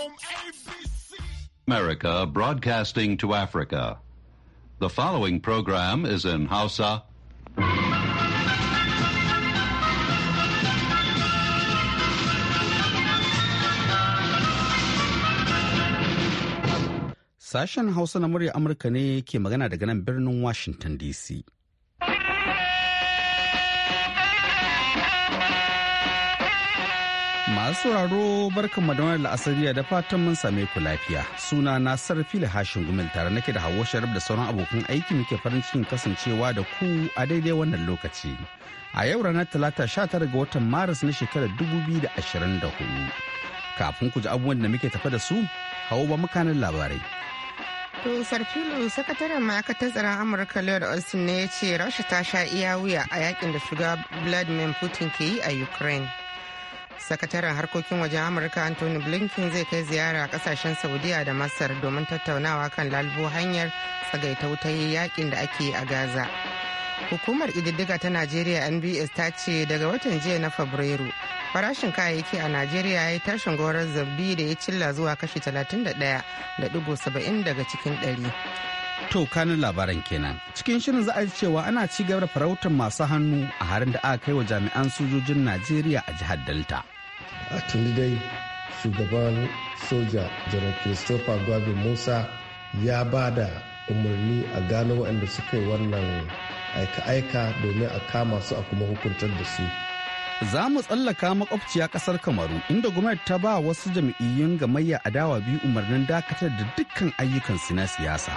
from ABC. America broadcasting to Africa. The following program is in Hausa. Sashen Hausa na murya Amurka ne ke magana daga nan birnin Washington DC. masu sauraro barkan da wani la'asariya da fatan mun same ku lafiya suna na sarfila hashin gumin tare nake da hawo sharif da sauran abokan aiki muke farin cikin kasancewa da ku a daidai wannan lokaci a yau ranar talata 19 ga watan maris na shekarar 2024 kafin ku ji abubuwan da muke tafa da su hawo ba mukanin labarai To Sarfilu sakataren ma'aikatar tsaron Amurka lord Austin ne ya ce Rasha ta sha iya wuya a yakin da shugaba Vladimir Putin ke yi a Ukraine. sakataren harkokin wajen amurka anthony blinken zai kai ziyara a kasashen saudiya da masar domin tattaunawa kan lalbo hanyar tsagaita wutar yakin da ake a gaza hukumar ididdiga ta najeriya nbs ta ce daga watan jiya na fabrairu farashin kayayyaki a najeriya ya yi tashin gwarar zabi da ya cilla zuwa kashi 31.70 daga cikin 100 To kanin labaran kenan. Cikin shirin za a ji cewa ana ci gaba da farautar masu hannu a harin da aka kai wa jami'an sojojin Najeriya a jihar Delta. a tuni dai shugaban soja janar christopher gwabin musa ya ba da umarni a gano waɗanda suka yi wannan aika-aika domin a kama su a kuma hukuntar da su za mu tsallaka makwabciya kasar kamaru inda gwamnati ta ba wasu jam'iyyun gamayya adawa biyu umarnin dakatar da dukkan ayyukansu na siyasa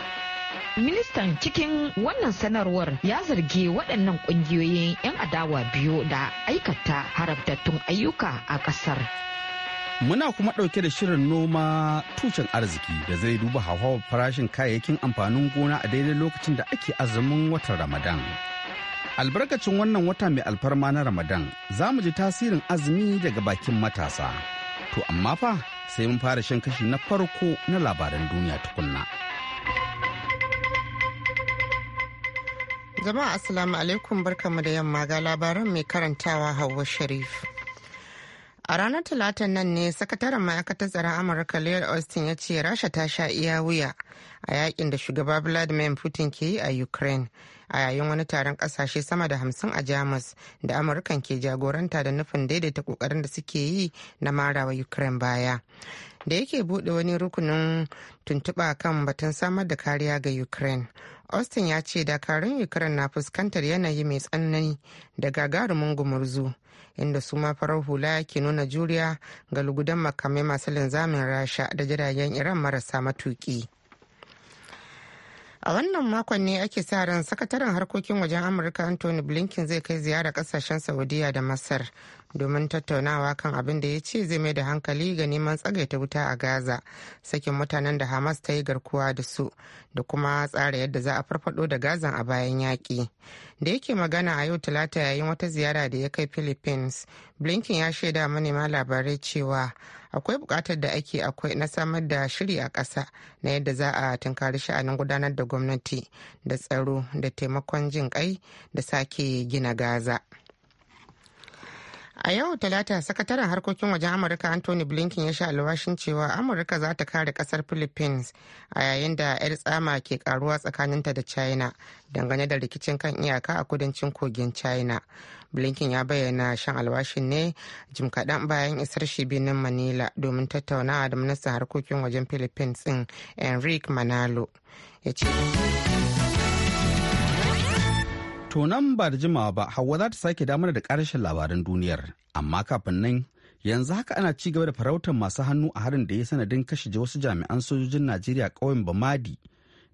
Ministan cikin wannan sanarwar ya zargi waɗannan ƙungiyoyin 'yan adawa biyu da aikata haramtattun ayyuka a ƙasar. Muna kuma ɗauke da shirin noma tushen arziki da zai duba hauhawar farashin kayayyakin amfanin gona a daidai lokacin da ake azumin watan Ramadan. Albarkacin wannan wata mai alfarma na Ramadan za mu ji tasirin azumi daga bakin matasa. To amma fa sai mun fara shan kashi na farko na labaran duniya tukunna. Jama'a Assalamu alaikum barkamu da yamma ga labaran mai karantawa Hauwa Sharif. A ranar Talatan nan ne sakataren ma'aikatar tsaron Amurka Lloyd Austin ya ce Rasha ta sha iya wuya a yakin da shugaba Vladimir Putin ke yi a Ukraine a yayin wani taron kasashe sama da hamsin a Jamus da Amurkan ke jagoranta da nufin daidaita kokarin da suke yi na marawa Ukraine baya. da yake bude wani rukunin tuntuɓa kan batun samar da kariya ga ukraine austin ya ce dakarun ukraine na fuskantar yanayi mai tsanani da gagarumin gumurzu inda su ma farar hula ke nuna juriya ga lugudan makamai masu linzamin rasha da jiragen iran marasa matuki. a wannan makon ne ake sa ran sakataren harkokin wajen amurka anthony blinken zai kai ziyara kasashen saudiya da masar domin tattaunawa kan abin da ya ce zai mai da hankali ga neman tsagaita wuta a gaza sakin mutanen da hamas ta yi garkuwa da su da kuma tsara yadda za a farfado da gazan a bayan yaƙi da yake magana a yau talata yayin wata ziyara da ya kai philippines blinken ya shaida manema labarai cewa akwai bukatar da ake akwai na samar da shiri a ƙasa na yadda za a tunkari sha'anin gudanar da gwamnati da tsaro da taimakon jin kai da sake gina gaza A yau Talata sakataren harkokin wajen Amurka Anthony Blinken ya sha alwashin cewa Amurka za ta kare kasar Philippines a yayin da 'yar tsama ke karuwa tsakaninta da China dangane da rikicin kan iyaka a kudancin kogin China. Blinken ya bayyana shan alwashin ne jim kaɗan bayan isar shi birnin Manila domin tattaunawa da ministan harkokin wajen Philippines ɗin Enrique Manalo. Ya ce. To nan ba da jimawa ba, Hauwa za ta sake damar da ƙarshen labaran duniyar. Amma kafin nan, yanzu haka ana ci gaba da farautar masu hannu a harin da ya sanadin kashe wasu jami'an sojojin Najeriya ƙauyen Bamadi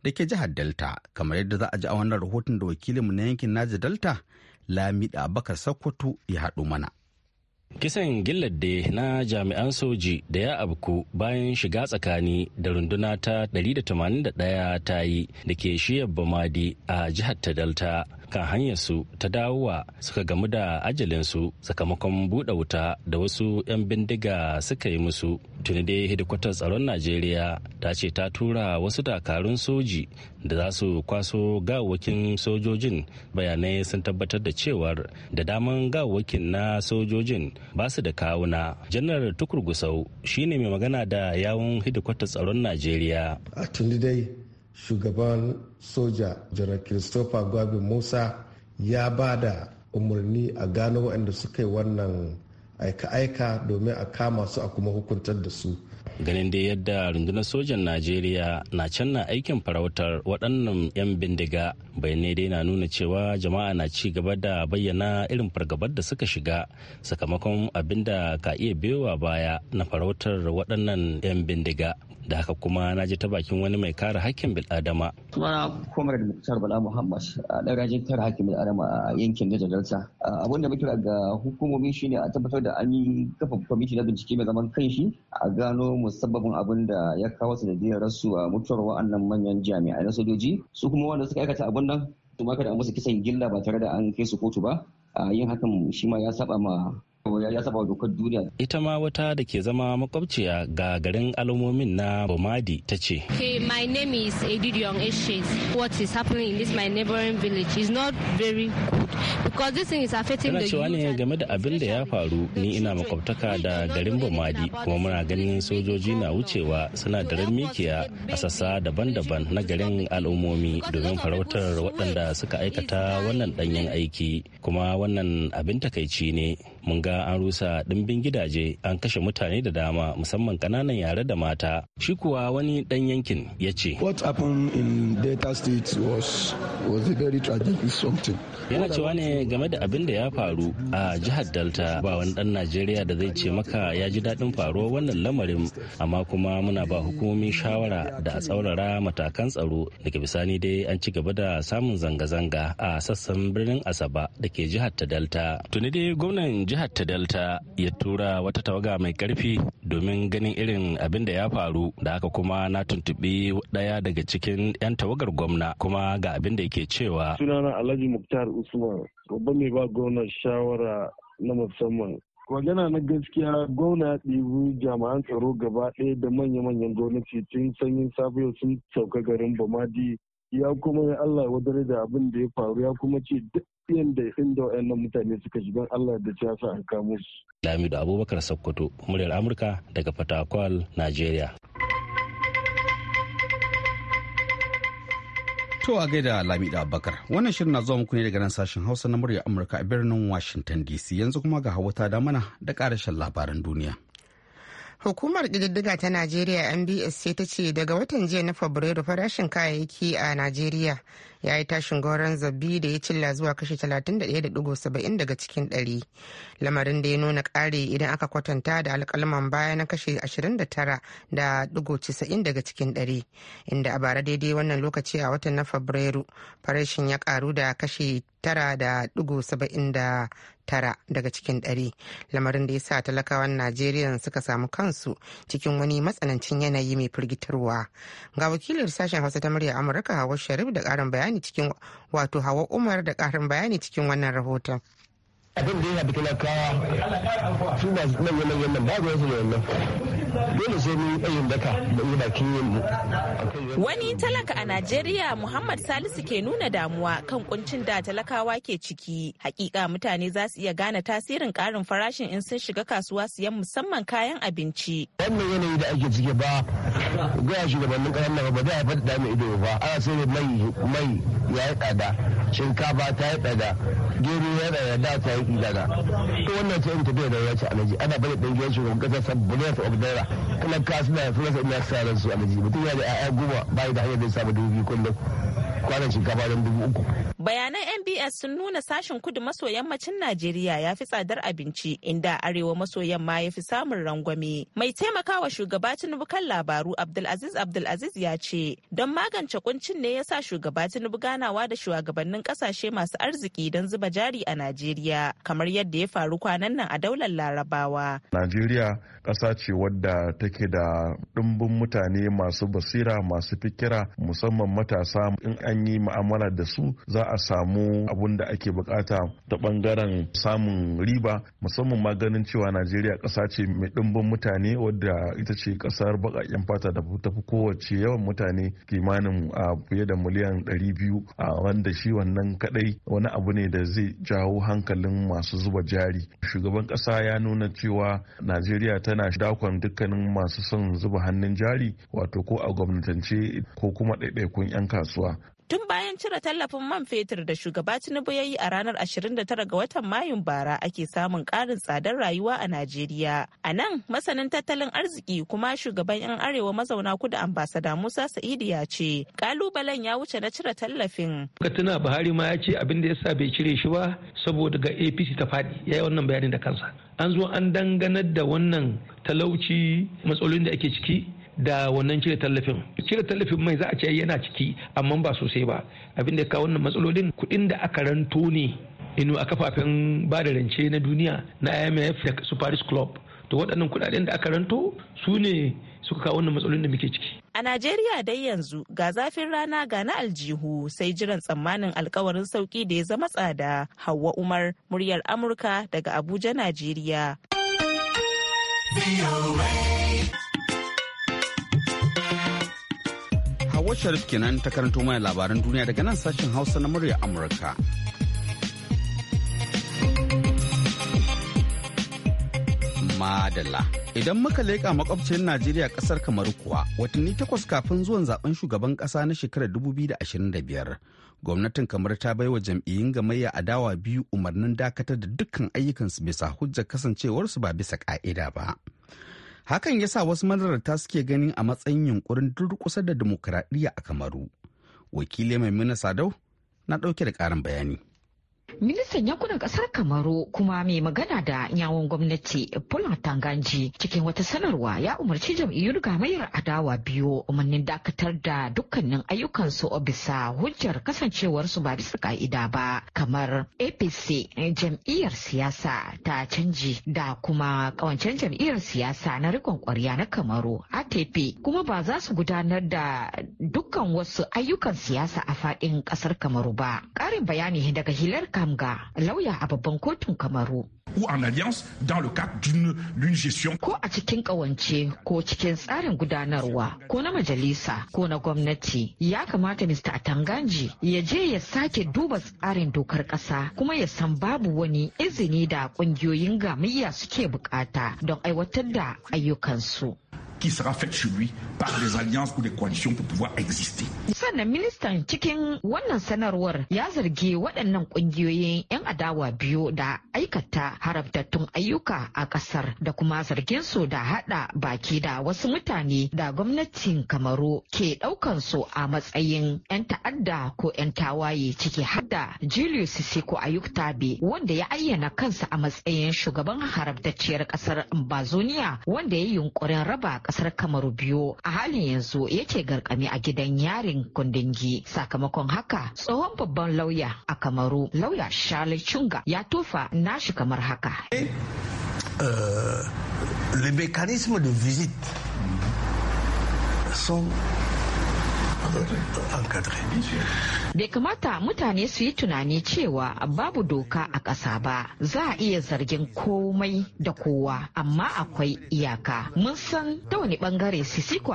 da ke jihar Delta, kamar yadda za a ji a wannan rahoton da wakilinmu na yankin Naji Delta, Lamida Abakar Sokoto ya haɗu mana. Kisan gilladde na jami'an soji da ya abku bayan shiga tsakani da runduna ta 181 ta yi da ke shiyar Bamadi a jihar ta Delta. kan hanyarsu ta dawowa suka gamu da ajalinsu sakamakon buɗe wuta da wasu 'yan bindiga suka yi musu tuni dai hidikwatar tsaron najeriya ta ce ta tura wasu dakarun soji da za su kwaso gawakin sojojin bayanai sun tabbatar da cewar da daman gawakin na sojojin ba su da kawuna janar tukur gusau shine mai magana da yawun hidikwatar tsaron najeriya a tuni dai shugaban soja jana christopher gwabin musa ya ba da umarni a gano waɗanda suka yi wannan aika-aika domin a kama su a kuma hukuntar da su ganin dai yadda rundunar sojan najeriya na can na aikin farautar waɗannan 'yan bindiga bayanai dai na nuna cewa jama'a na ci gaba da bayyana irin fargabar da suka shiga sakamakon abin da ka iya biyowa baya na farautar waɗannan 'yan bindiga da haka kuma na ji ta bakin wani mai kare hakkin bil'adama. Suna da mutar Bala Muhammad a ɗan rajin kare hakkin bil'adama a yankin Niger Delta. abinda muke ga hukumomi shine a tabbatar da an yi kafa kwamiti na bincike mai zaman shi a gano mu musabbabin abin da ya kawo sanadiyar rasu a mutuwar wa'annan manyan jami'ai na sojoji su kuma wanda suka aikata abin nan su ma kada a musu kisan gilla ba tare da an kai su kotu ba a yin hakan shi ma ya saba ma ya saba dokar duniya. Ita ma wata da ke zama makwabciya ga garin alamomin na Bomadi ta ce. Okay, my name is Edidion Eshes. What is happening in this my neighboring village is not very good because this thing is affecting the cewa ne game da abin da ya faru ni ina makwabtaka da garin Bomadi kuma muna ganin sojoji na wucewa suna da mikiya a sassa daban-daban na garin al'ummomi domin farautar waɗanda suka aikata wannan ɗanyen aiki kuma wannan abin takaici ne. mun ga an rusa dimbin gidaje an kashe mutane da dama musamman kananan yare da mata shi kuwa wani dan yankin ya ce what happened in delta state was was a very tragic something yana cewa ne game da abin da ya faru a jihar delta ba wani dan najeriya da zai ce maka ya ji daɗin faruwar wannan lamarin amma kuma muna ba hukumomi shawara da a tsaurara matakan tsaro daga bisani dai an ci gaba da samun zanga-zanga a sassan birnin asaba da ke jihar ta delta tuni dai gwamnan jihar jihar ta Delta ya tura wata tawaga mai karfi domin ganin irin abin da ya faru da haka kuma na tuntubi daya daga cikin 'yan tawagar gwamna kuma ga abin da yake cewa. Sunana Alhaji Muktar Usman, babban mai ba gwamna shawara na musamman magana na gaskiya gwamna ɗibu jami'an tsaro gaba ɗaya da manya-manyan gwamnati tun sanyin safiya sun sauka garin bamadi ya kuma ya allah wadare da abin da ya faru ya kuma ce duk biyan da inda wayannan mutane suka shiga Allah da ya sa an kamo su. Lamido Abubakar Sokoto, muryar Amurka daga Fatakwal, Najeriya. To a gaida Lamido Abubakar, wannan shirin na zuwa muku ne daga nan sashen Hausa na muryar Amurka a birnin Washington DC yanzu kuma ga hawa ta damana da karashen labaran duniya. hukumar ƙididdiga ta najeriya mbs ce ta ce daga watan jiya na fabrairu farashin kayayyaki a najeriya ya yi tashin goron zabi da ya cilla zuwa kashi 31.70 daga cikin 100 lamarin da ya nuna ƙari idan aka kwatanta da alkalman baya na kashi 29.90 daga cikin 100 inda a bara daidai wannan lokaci a watan na fabrairu farashin ya karu da kashi 9.79 daga cikin ɗari lamarin da ya sa talakawan najeriya suka samu kansu cikin wani matsanancin yanayi mai firgitarwa ga wakilin sashen hausa ta murya amurka hawa sharif da ƙarin bayani bayani cikin wato hawa umar da karin bayani cikin wannan rahoton abin da ya haɗu talakawa su masu manyan manyan nan ba su yanzu ne wannan dole sai mun tsayin daka da yi bakin yin mu wani talaka a Najeriya Muhammad Salisu ke nuna damuwa kan kuncin da talakawa ke ciki hakika mutane za su iya gane tasirin karin farashin in sun shiga kasuwa siyan musamman kayan abinci wannan yanayi da ake ciki ba ga shugabannin karamar ba da haifar da mai ido ba ana sai ne mai mai ya yi tsada shinkafa ta yi tsada gero ya da da ta yi tsada ko wannan sai in tafiya da ya ci alaji ana bada ɗan shugaban kasa sabbin ya fi kuma ka suna rasa ina sa ran su alaji mutum yana da 'ya'ya goma bayan da hanyar da ya samu dubu biyu kullum kwanan shinkafa don dubu uku. Bayanan NBS sun nuna sashen kudu maso yammacin Najeriya ya fi tsadar abinci inda arewa maso yamma ya fi samun rangwame. Mai taimakawa shugaba Tinubu kan labaru Abdulaziz Abdulaziz ya ce, don magance kuncin ne ya sa shugaba Tinubu ganawa da shugabannin kasashe masu arziki don zuba jari a Najeriya, kamar yadda ya faru kwanan nan a daular Larabawa. Najeriya ƙasa ce wadda wadda take da ɗumbin mutane masu basira masu fikira musamman matasa in an yi ma'amala da su za a samu abun da ake bukata ta bangaren samun riba musamman ma ganin cewa najeriya ƙasa ce mai ɗumbin mutane wadda ita ce ƙasar baƙaƙen fata da tafi kowace yawan mutane kimanin a fiye da miliyan 200 a wanda shi wannan kadai wani abu ne da zai jawo hankalin masu zuba jari shugaban ƙasa ya nuna cewa najeriya tana dakon duk dukkanin masu son zuba hannun jari wato ko a gwamnatance ko kuma ɗaiɗaikun 'yan kasuwa tun bayan cire tallafin man fetur da shugaba tinubu ya yi a ranar 29 ga watan mayun bara ake samun karin tsadar rayuwa a najeriya a nan masanin tattalin arziki kuma shugaban yan arewa mazauna kudu ambasada musa sa'idu ya ce Ƙalubalen ya wuce na cire tallafin ka tuna buhari ma ya ce abin da ya sa bai cire shi ba saboda ga apc ta faɗi ya yi wannan bayanin da kansa an zo an danganar da wannan talauci matsalolin da ake ciki da wannan cire tallafin cire tallafin mai za a ce yana ciki amma ba sosai ba abin da ya kawo wannan matsalolin kuɗin da aka ranto ne inu a kafafen ba da rance na duniya na imf da su paris club to waɗannan kuɗaɗen da aka ranto su ne suka kawo wannan matsalolin da muke ciki A Najeriya dai yanzu ga zafin rana ga na aljihu sai jiran tsammanin alkawarin sauki da ya zama tsada. Hauwa Umar, muryar Amurka daga Abuja, Najeriya. Hauwa Sharif kenan ta karanto mana labaran duniya daga nan sashen Hausa na muryar Amurka. Madalla. Idan muka leƙa makwabcin Najeriya ƙasar kamar kuwa, watanni takwas kafin zuwan zaben shugaban ƙasa na shekarar 2025, gwamnatin kamar ta baiwa jam'iyyun gamayya adawa biyu umarnin dakatar da dukkan ayyukansu bisa hujjar kasancewarsu ba bisa ƙa'ida ba. Hakan ya sa wasu manararta suke ganin a matsayin yunkurin durƙusar da dimokuraɗiyya a Kamaru. Wakili Maimuna Sadau na ɗauke da ƙarin bayani. Ministan yankunan kasar Kamaru kuma mai magana da yawon gwamnati Paul Tanganji cikin wata sanarwa ya umarci jam'iyyun gamayyar adawa biyu umarnin dakatar da dukkanin ayyukansu bisa hujjar kasancewarsu ba bisa ka'ida ba kamar APC jam'iyyar siyasa ta canji da kuma kawancen jam'iyyar siyasa na rikon kwarya na Kamaru ATP kuma ba za su gudanar da dukkan wasu ayyukan siyasa a faɗin ƙasar Kamaru ba. Ƙarin bayani daga hilar Kamga, lauya a babban kotun Kamaru. ou en alliance dans le cadre d'une gestion. Ko a cikin kawance ko cikin tsarin gudanarwa ko na majalisa ko na gwamnati ya kamata Mr. Atanganji ya je ya sake duba tsarin dokar kasa kuma ya san babu wani izini da kungiyoyin gamayya suke bukata don aiwatar da ayyukansu. qui sera faite sur lui par des alliances ou des coalitions pour pouvoir exister. sannan ministan cikin wannan sanarwar ya zargi waɗannan ƙungiyoyin 'yan adawa biyu da aikata haramtattun ayyuka a ƙasar da kuma zargin su da haɗa baki da wasu mutane da gwamnatin kamaru ke ɗaukan su a matsayin 'yan ta'adda ko 'yan tawaye ciki har da julius sisiko ayuktabe wanda ya ayyana kansa a matsayin shugaban haramtacciyar ƙasar bazoniya wanda ya yi yunkurin raba kasar kamaru biyu a halin yanzu yake garkami a gidan yarin kundingi sakamakon haka tsohon babban lauya a kamaru lauya charlie chunga ya tofa nashi kamar haka Euh, les de visite sont encadrés. bai kamata mutane su yi tunani cewa babu doka a ƙasa ba za a iya zargin komai da kowa amma akwai iyaka mun san ta wani bangare sisiko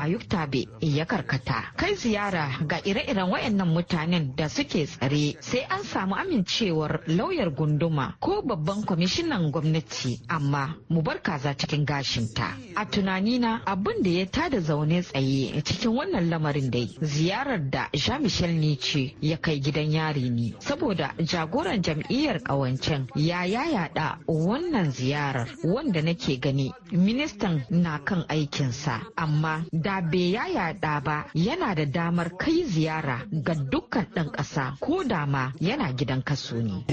be ya karkata kai ziyara ga ire-iren wayannan mutanen da suke tsare sai an samu amincewar lauyar gunduma ko babban kwamishinan gwamnati amma mu bar kaza cikin gashinta a tunanina abin da ya tada zaune tsaye cikin wannan lamarin dai ziyarar da jean michel nice ya kai gidan yari ne saboda jagoran jam'iyyar ƙawancen ya yayaɗa wannan ziyarar wanda nake gani ministan na kan aikinsa amma da bai yayaɗa ba yana da damar kai ziyara ga dukkan ɗan ƙasa ko da ma yana gidan kaso ne.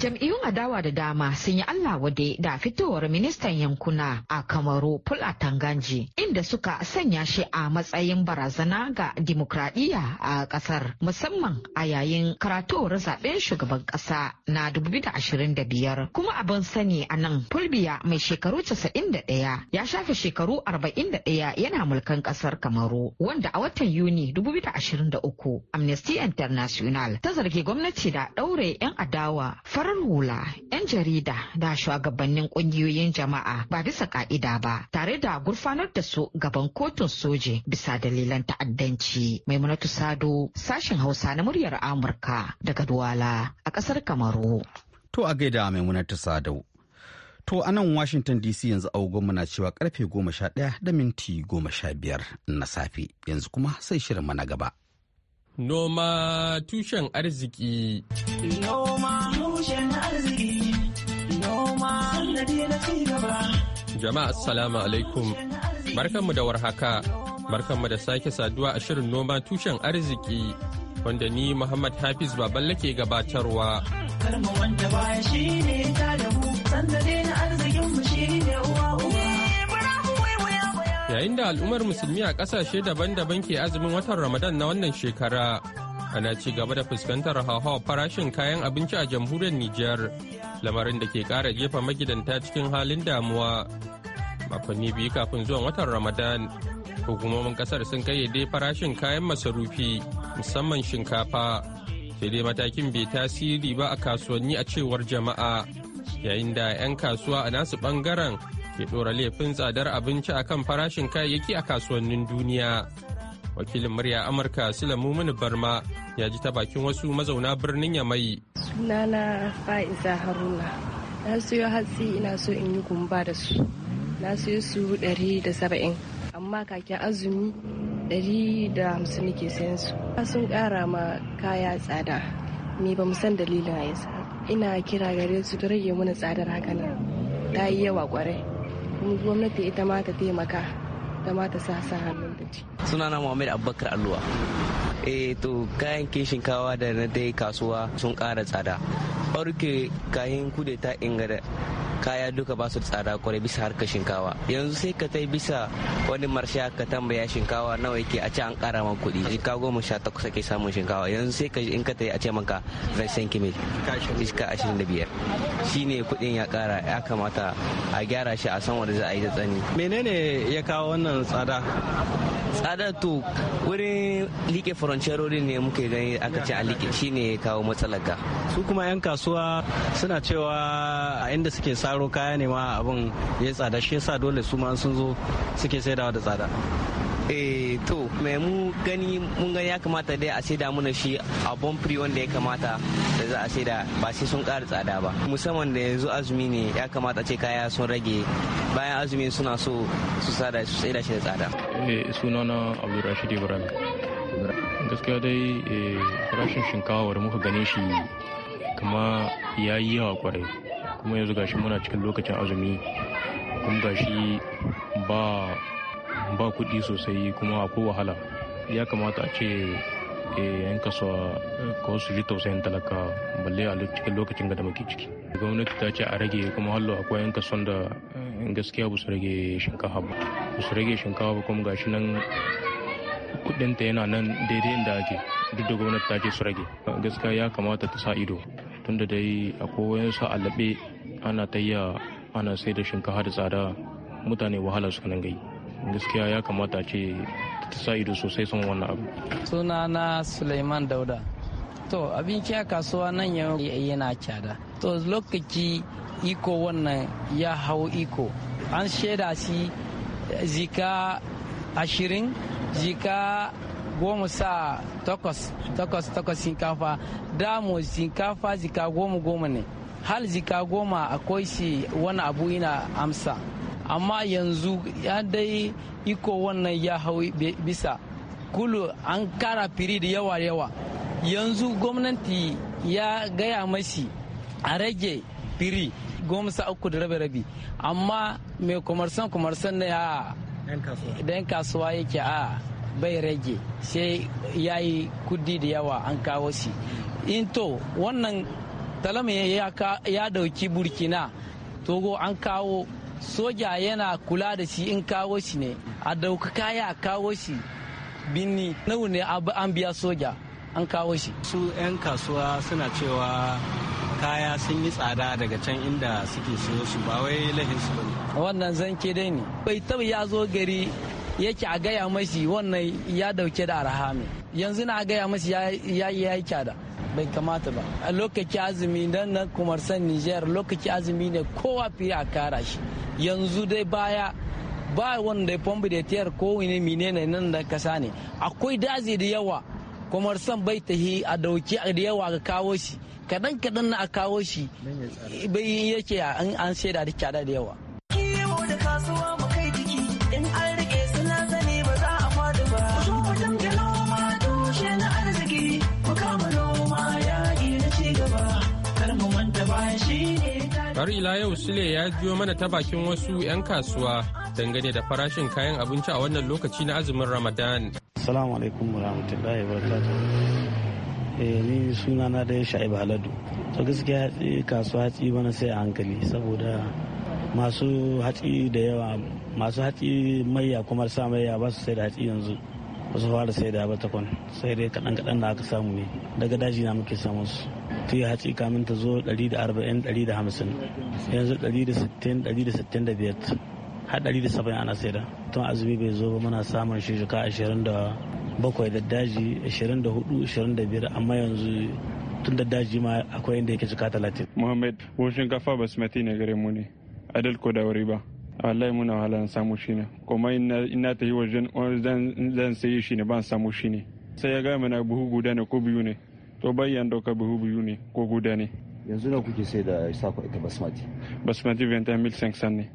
Jam'iyyun adawa da dama sun yi Allah wade da fitowar ministan yankuna a Kamaru Fulatan Ganji inda suka isa sanya shi a matsayin barazana ga dimokuraɗiyya a ƙasar musamman a yayin karatuwar zaɓen shugaban ƙasa na 2025 kuma abin sani a nan fulbiya mai shekaru 91 ya shafe shekaru 41 yana mulkan ƙasar kamaru wanda a watan yuni 2023 amnesty international ta zargi gwamnati da ɗaure 'yan adawa farar hula 'yan jarida da shugabannin ƙungiyoyin jama'a ba bisa ƙa'ida ba tare da gurfanar da su gaban gaban kotun soji bisa dalilan ta'addanci. Maimunatu Sado sashen Hausa na muryar Amurka daga Duwala a ƙasar Kamaru. To a gaida Maimunatu Sado. To a nan Washington DC yanzu agogonmu na cewa karfe goma da minti goma na safe yanzu kuma sai shirin mana gaba. Noma tushen arziki. Jama'a assalamu alaikum. Barkanmu da warhaka, barkanmu da sake saduwa a shirin noma tushen arziki wanda ni Muhammad Hafiz Baballe ke gabatarwa. Yayin da al'ummar musulmi a ƙasashe daban-daban ke azumin watan Ramadan na wannan shekara, ana ci gaba da fuskantar hauhawar farashin kayan abinci a jamhuriyar Nijar, lamarin da ke ƙara jefa magidanta cikin halin damuwa. makonni biyu kafin zuwan watan ramadan hukumomin kasar sun kayyade farashin kayan masarufi musamman shinkafa sai dai matakin bai tasiri ba a kasuwanni a cewar jama'a yayin da 'yan kasuwa a nasu bangaren ke ɗora laifin tsadar abinci a kan farashin kayayyaki a kasuwannin duniya wakilin murya amurka silamu mini barma ya ji ta bakin wasu mazauna birnin ya mai sunana fa'iza haruna na siyo hatsi ina so in yi gumba da su na siyo su ɗari saba'in amma kakin azumi ɗari da hamsin nake sayan su sun kara ma kaya tsada ni ba san dalilin a yasa ina kira gare su ta rage mana tsadar haka nan ta yi yawa kwarai kuma gwamnati ita ma ta taimaka ta ma ta sa sa hannun da ci sunana muhammad abubakar alluwa eh to kayan shinkawa da na dai kasuwa sun kara tsada ɓarke kayan kudeta ingada kaya duka ba su tsada kwarai bisa harkar shinkawa yanzu sai ka tai bisa wani marsha ka tambaya shinkawa nawa yake a ce an kara man kuɗi jika goma sha takwas ake samun shinkawa yanzu sai ka in ka tai a ce maka version kimil iska ashirin da biyar shine kuɗin ya kara ya kamata a gyara shi a san wanda za a yi da tsani menene ya kawo wannan tsada tsada to wurin liƙe furancerorin ne muke gani aka ce a liƙe. shine ya kawo matsalar ga su kuma yan kasuwa suna cewa a inda suke sa yaro kaya ne ma abin ya tsada shi yasa dole su ma sun zo suke saidawa da tsada eh to mai mu gani mun gani ya kamata dai a saida mana shi a bonfri wanda ya kamata da za a saida ba sai sun ƙara tsada ba musamman da yanzu azumi ne ya kamata ce kaya sun rage bayan azumi suna so su sada su saida shi da tsada eh abu abdulrashid ibrahim gaskiya dai eh, farashin shinkawa da muka gane shi kama ya yi yawa kwarai kuma yanzu gashi muna cikin lokacin azumi kuma gashi ba ba kuɗi sosai kuma akwai wahala ya kamata a ce eh, yan kasuwa ko su ji tausayin talaka balle a cikin lokacin da muke ciki gwamnati ta ce a rage kuma hallo akwai yan kasuwan da eh, gaskiya ba su rage shinkafa ba ba su rage shinkafa ba kuma gashi nan kudinta yana nan daidai inda ake duk da gwamnati ta ce su rage gaskiya ya kamata ta sa ido tunda dai akwai a alabe ana tayya ana sai da shinkafa da tsada mutane wahala su nan gai gaskiya ya kamata ce ta sa ido sosai sun wannan abu suna na suleiman dauda to abinci a kasuwa nan yana kyada to lokaci iko wannan ya hau iko an shaida shi zika ashirin zika goma sa takwas takwas takwas shinkafa damo shinkafa zika goma goma ne hal zika goma akwai shi wani abu yana amsa amma yanzu ya dai iko wannan ya hau bisa kulu an kara firi da yawa yawa yanzu gwamnati ya gaya mashi a rage firi goma sa uku da rabe rabi amma mai kumarsan kumarsan na ya dan kasuwa yake a bai rage sai ya yi kudi da yawa an kawo shi in to wannan talama ya dauki burkina togo an kawo soja yana kula da shi in kawo shi ne a dauka kaya a kawo shi binni nau ne an biya soja an kawo shi su 'yan kasuwa suna cewa kaya sun yi tsada daga can inda suke siyo su ba wai lahin su wannan wannan zanke dai ne bai taba ya zo gari yake a gaya mashi wannan ya dauke da arha ne yanzu na gaya mashi ya yi aika da bai kamata ba a lokaci azumi dana na kumarsan niger lokaci azumi ne kowa fiye a kara shi yanzu dai baya ba wanda ya fambi da tiyar ko mine ne nan da kasa ne akwai dazi da yawa kumarsan bai tahi a dauki da yawa ga kawo shi kadan kadan na a kawo shi bai yake an shaida da kyada da yawa kiwo da kasuwa har ila yau sule ya biyo mana ta bakin wasu 'yan kasuwa dangane da farashin kayan abinci a wannan lokaci na azumin ramadan assalamu alaikum warahmatullahi wabarakatuh eh ni suna na da sha'ibu haladu to gaskiya kasuwa hatsi mana sai a hankali saboda masu hatsi da yawa masu hatsi maiya kuma sa maiya ba su sai da hatsi yanzu ba su fara sai da ba ta kwan sai dai kaɗan kaɗan da aka samu ne daga daji na muke samun su tuya hatsi kamin ta zo 140 150 yanzu 160 165 har 170 ana sai da tun azumi bai zo ba muna samun shi jika 27 da daji 24 25 amma yanzu tun da daji ma akwai inda yake jika 30 muhammad wushin kafa basmati ne gare mu ne adal ko da wuri ba wallahi muna wahala na samu shi ne kuma ina ta yi wajen zan sayi shi ne ban samu shi ne sai ya ga mana buhu guda ne ko biyu ne to bayan doka buhu biyu ne ko guda ne yanzu na kuke sai da sako ita basmati basmati 21500 ne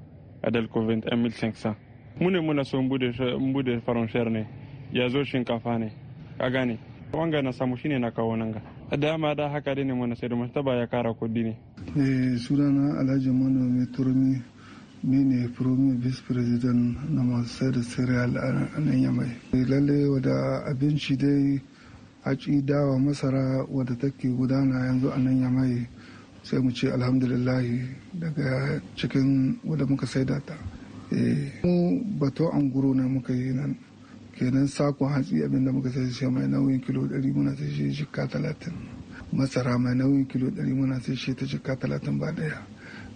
adalko 21500 mune muna so mbude bude faranshiyar ne ya zo shinkafa ne a gane wanga na samu ne na kawo nan ga dama da haka ne muna sai da mustaba ya kara kudi ne eh, sunana alhaji manomi turmi ni ne promi vice president na masu sai da cereal a nan yamai eh, lalle wada abinci dai haci dawa masara wadda take gudana yanzu a nan yamai sai mu ce alhamdulillahi daga cikin wadda muka saida ta eh, mu bato an guro na muka yi nan kenan sakon hatsi abinda muka sai shi mai nauyin kilo 100 muna sai shi jikka 30 masara mai nauyin kilo 100 muna sai shi ta jikka 30 ba daya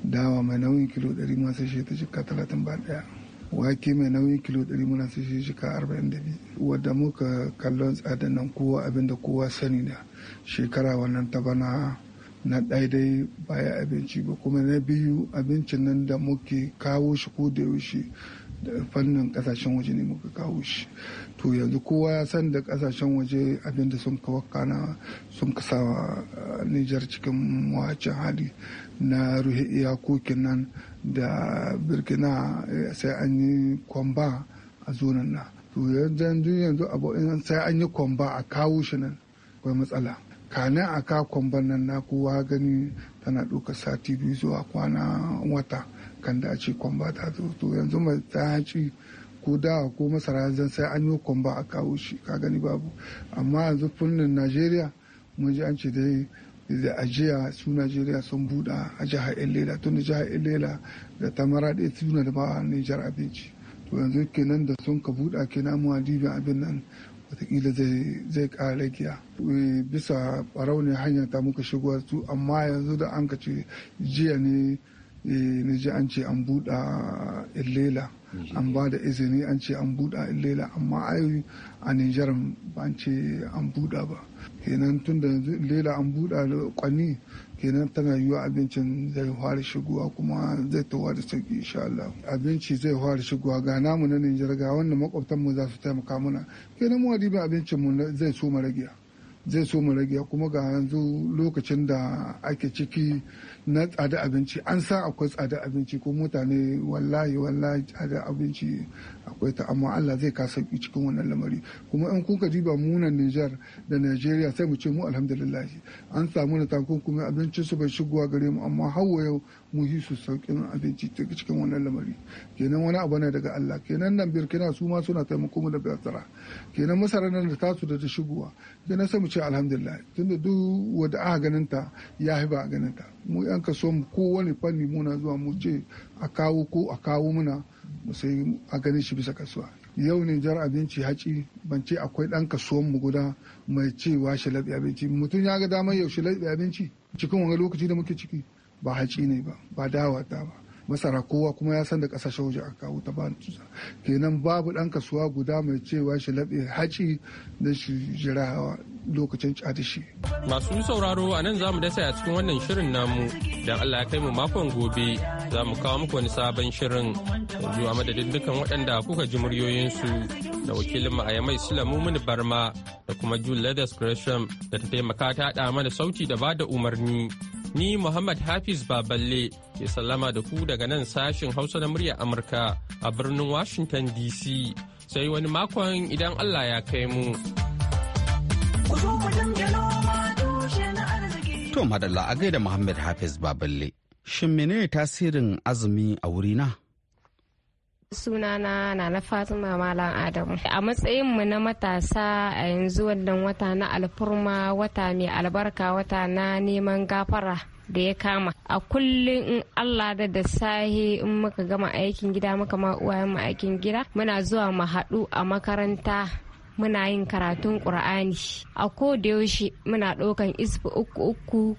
dawa mai nauyin kilo 100 masu sai shi ta jika daya wake mai nauyin kilo 100 muna sai shi jika 42 wadda muka kallon tsadan nan kowa abinda kowa sani da shekara wannan ta bana na daidai baya abinci ba kuma na biyu abincin nan da muke kawo shi ko da yaushe da fannin kasashen waje ne muka kawo shi to yanzu kowa ya san da kasashen waje abinda sun kawo sun kasawa nijar cikin mawacin hali na ruhe iyakokin nan da birkina eh, sai an yi kwamba a zonan na to yanzu yanzu abu sai an yi kwamba a kawo shi nan akwai matsala kanin a ka kwamban nan na kowa gani tana ɗaukar sati biyu zuwa kwana wata kan da a ce kwamba ta zo yanzu mai ta haci ko dawa ko masara zan sai an yi kwamba a kawo shi ka gani babu amma yanzu fulnin najeriya mun ji an ce dai da ajiya su najeriya sun buɗa a jihar ilela tun da jihar ilela da tamara ɗaya suna da ba nijar abinci to yanzu kenan da sun ka buɗa kenan mu dibin abin nan watakila zai ƙara giya bisa ɓarau ne hanya ta muka shigo su amma yanzu da an ka jiya ne e, na ji an ce an buɗa ilela an ba da izini an ce an buɗa ilela amma ai a nijar ba an ce an buɗa ba kenan tun da lela an buɗa kwani kenan tana yiwuwa abincin zai fara shigowa kuma zai tawa da sauki insha Allah abinci zai fara shigowa ga namu na Nijar ga wannan makwabtan mu za su taimaka mana kenan mu abincin mu zai so mu rage zai so mu rage kuma ga yanzu lokacin da ake ciki na tsada abinci an sa akwai tsada abinci ko mutane wallahi wallahi tsada abinci akwai ta amma Allah zai ka sauki cikin wannan lamari kuma in kun ka diba munan Niger da Nigeria sai mu ce mu alhamdulillah an samu na takunkumin abincin su bai shigowa gare mu amma har yau muhi yi su sauƙin abinci daga cikin wannan lamari kenan wani abu ne daga Allah kenan nan birkina su ma suna taimako mu da basara kenan masarar nan da tasu da ta shigowa kenan sai mu ce alhamdulillah tunda duk wanda aka ganin ta ya a ganin ta mu yan kaso mu ko wani fanni muna zuwa mu ce a kawo ko a kawo muna mu sai a ganin shi bisa kasuwa yau ne jar abinci haci ban ce akwai ɗan kasuwan mu guda mai cewa shi abinci mutum ya ga damar yau shalabi abinci cikin wani lokaci da muke ciki ba haci ne ba ba dawa ta ba masara kowa kuma ya san da kasashen waje a kawo ta bani kenan babu dan kasuwa guda mai cewa shi laɓe haci da shi jirawa lokacin cadishi. masu sauraro a nan zamu dasa a cikin wannan shirin namu dan Allah ya kai mu makon gobe za mu kawo muku wani sabon shirin yanzu a madadin dukkan waɗanda kuka ji muryoyinsu da wakilin mu a yamai mini barma da kuma julia da ta taimaka ta haɗa mana sauti da bada umarni Ni Muhammad Hafiz Baballe ke sallama da ku daga nan sashin Hausa na murya Amurka a birnin Washington DC. Sai wani makon idan Allah ya kai mu. To madalla a gaida Muhammad Hafiz Baballe. Shin menene tasirin azumi a wurina? Sunana na na Fatima Malam Adamu. A matsayinmu na matasa a yanzu wannan wata na alfurma wata mai albarka wata na neman gafara da ya kama a kullum in Allah da da sahi in muka gama aikin gida muka ma uwayen mu aikin gida muna zuwa mu haɗu a makaranta muna yin karatun ƙur'ani a ko da yaushe muna ɗaukan isfi uku uku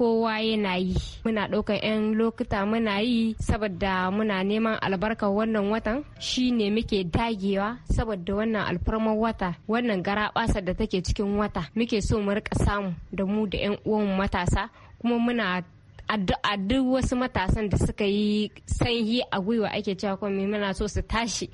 kowa yana yi muna ɗaukar 'yan lokuta muna yi saboda muna neman albarkar wannan watan shi ne muke dagewa saboda wannan alfarmar wata wannan garaɓasa da take cikin wata muke so mu rika samu da mu da 'yan uwan matasa kuma muna addu'a duk wasu matasan da suka yi sanyi a gwiwa ake cewa kuma mai muna so su tashi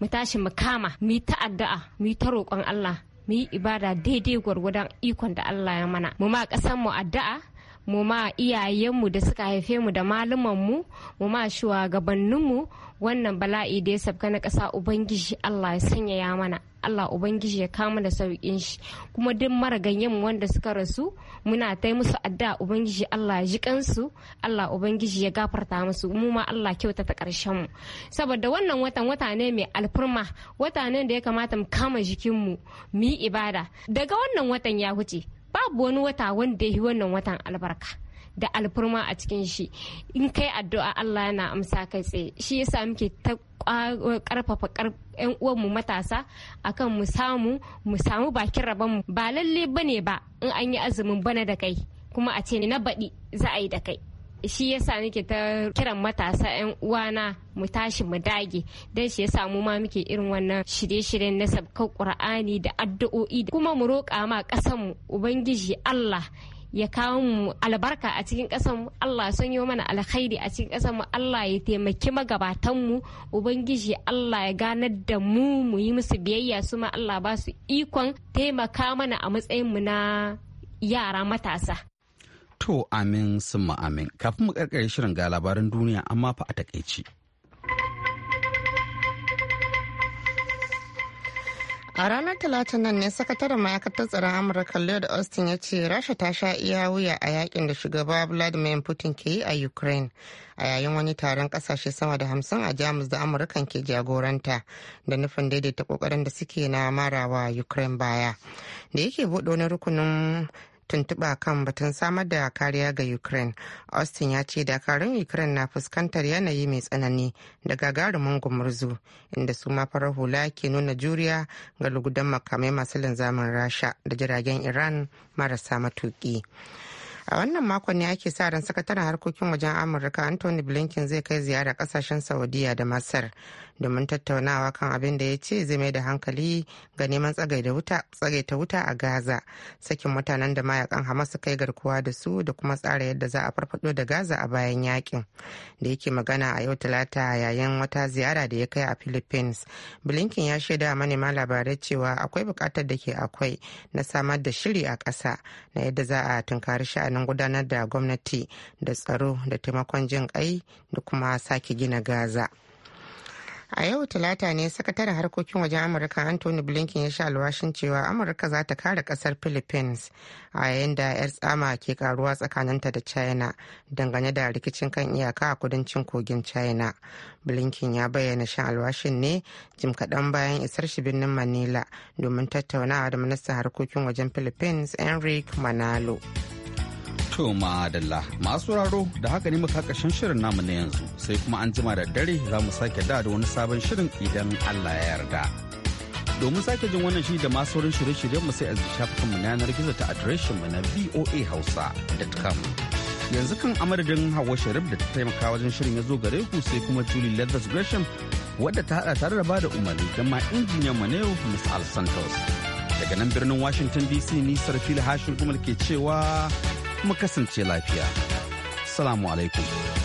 mu tashi mu kama mu yi ta addu'a mu yi ta roƙon Allah mu yi ibada daidai gwargwadon ikon da Allah ya mana mu ma ƙasar mu addu'a mu ma iyayenmu da suka haife mu da malumanmu mu ma shugabanninmu wannan bala'i da ya sabka na ƙasa ubangiji allah ya sanya ya mana allah ubangiji ya kama da sauƙin shi kuma duk mara maraganyen wanda suka rasu muna ta musu adda ubangiji allah ya ji kansu allah ubangiji ya gafarta musu mu ma allah kyauta ta ƙarshen mu saboda wannan watan wata ne mai alfurma wata ne da ya kamata mu kama jikinmu mu yi ibada daga wannan watan ya wuce babu wani wata wanda ya yi wannan watan albarka da alfurma a cikin shi in kai addu'a Allah yana amsa kai tsaye shi yasa muke ta karfafa yan uwanmu matasa akan mu samu mu samu bakin rabon mu ba lalle bane ba in an yi azumin bana da kai kuma a ce na baɗi za a yi da kai shi yasa nake ta kiran matasa yan uwana mu tashi mu dage dan shi yasa samu ma muke irin wannan shirye-shiryen na sabkar Qur'ani da addu'o'i kuma mu roƙa ma ƙasar mu ubangiji Allah ya kawo mu albarka a cikin mu Allah son yi mana alkhairi a cikin mu Allah ya taimaki magabatan mu ubangiji Allah ya ganar da mu mu yi musu biyayya su ma Allah ba su ikon taimaka mana a matsayin mu na yara matasa To amin sun amin. Kafin mu karkare shirin ga labaran duniya amma fa a takaici. A ranar talatin nan ne sakataren ma'aikatar tsaron Amurka Lloyd Austin ya ce Rasha ta sha iya wuya a yakin da shugaba Vladimir Putin ke yi a Ukraine a yayin wani taron kasashe sama da hamsin a Jamus da Amurkan ke jagoranta da nufin daidaita kokarin da suke na marawa Ukraine baya. Da yake buɗe wani rukunin tuntuɓa kan batun samar da kariya ga ukraine austin ya ce dakarun ukraine na fuskantar yanayi mai tsanani da gagarumin gumurzu inda su ma farar hula ke nuna juriya ga lugudan makamai masu linzamin rasha da jiragen iran marasa matuki. a wannan makon ne ake sa ran sakataren harkokin wajen amurka anthony blinken zai kai ziyara kasashen saudiya da masar domin tattaunawa kan abin da ya ce zai mai da hankali ga neman tsagaita wuta a gaza sakin mutanen da mayakan hamas su kai garkuwa da su da kuma tsara yadda za a farfado da gaza a bayan yakin da yake magana a yau talata yayin wata ziyara da ya kai a philippines blinken ya shaida manema labarai cewa akwai bukatar da ke akwai na samar da shiri a ƙasa na yadda za a tunkari sha'anin gudanar da gwamnati da tsaro da taimakon jin kai da kuma sake gina gaza. a yau talata ne sakataren harkokin wajen amurka anthony blinken ya sha alwashin cewa amurka za ta kare kasar philippines a yayin da yar tsama ke karuwa tsakaninta da china dangane da rikicin kan iyaka a kudancin kogin china blinken ya bayyana shan alwashin ne jim kaɗan bayan isar shi birnin manila domin tattaunawa da ministan harkokin wajen philippines enrique manalo To madalla masu raro da haka ne muka kashin shirin namu na yanzu sai kuma an jima da dare za mu sake da da wani sabon shirin idan Allah ya yarda. Domin sake jin wannan shi da masu sauran shirye-shiryen mu sai a shafukan mu na yanar gizo ta adireshin mu na voa Yanzu kan amadadin Hauwa Sharif da ta taimaka wajen shirin ya zo gare ku sai kuma Julie Leathers Gresham wadda ta hada tare da bada umarni dan ma injiniyan mu na yau Mr. Al Santos. Daga nan birnin Washington DC ni Sarfil Hashin Gumal ke cewa mu kasance lafiya. Salamu alaikum.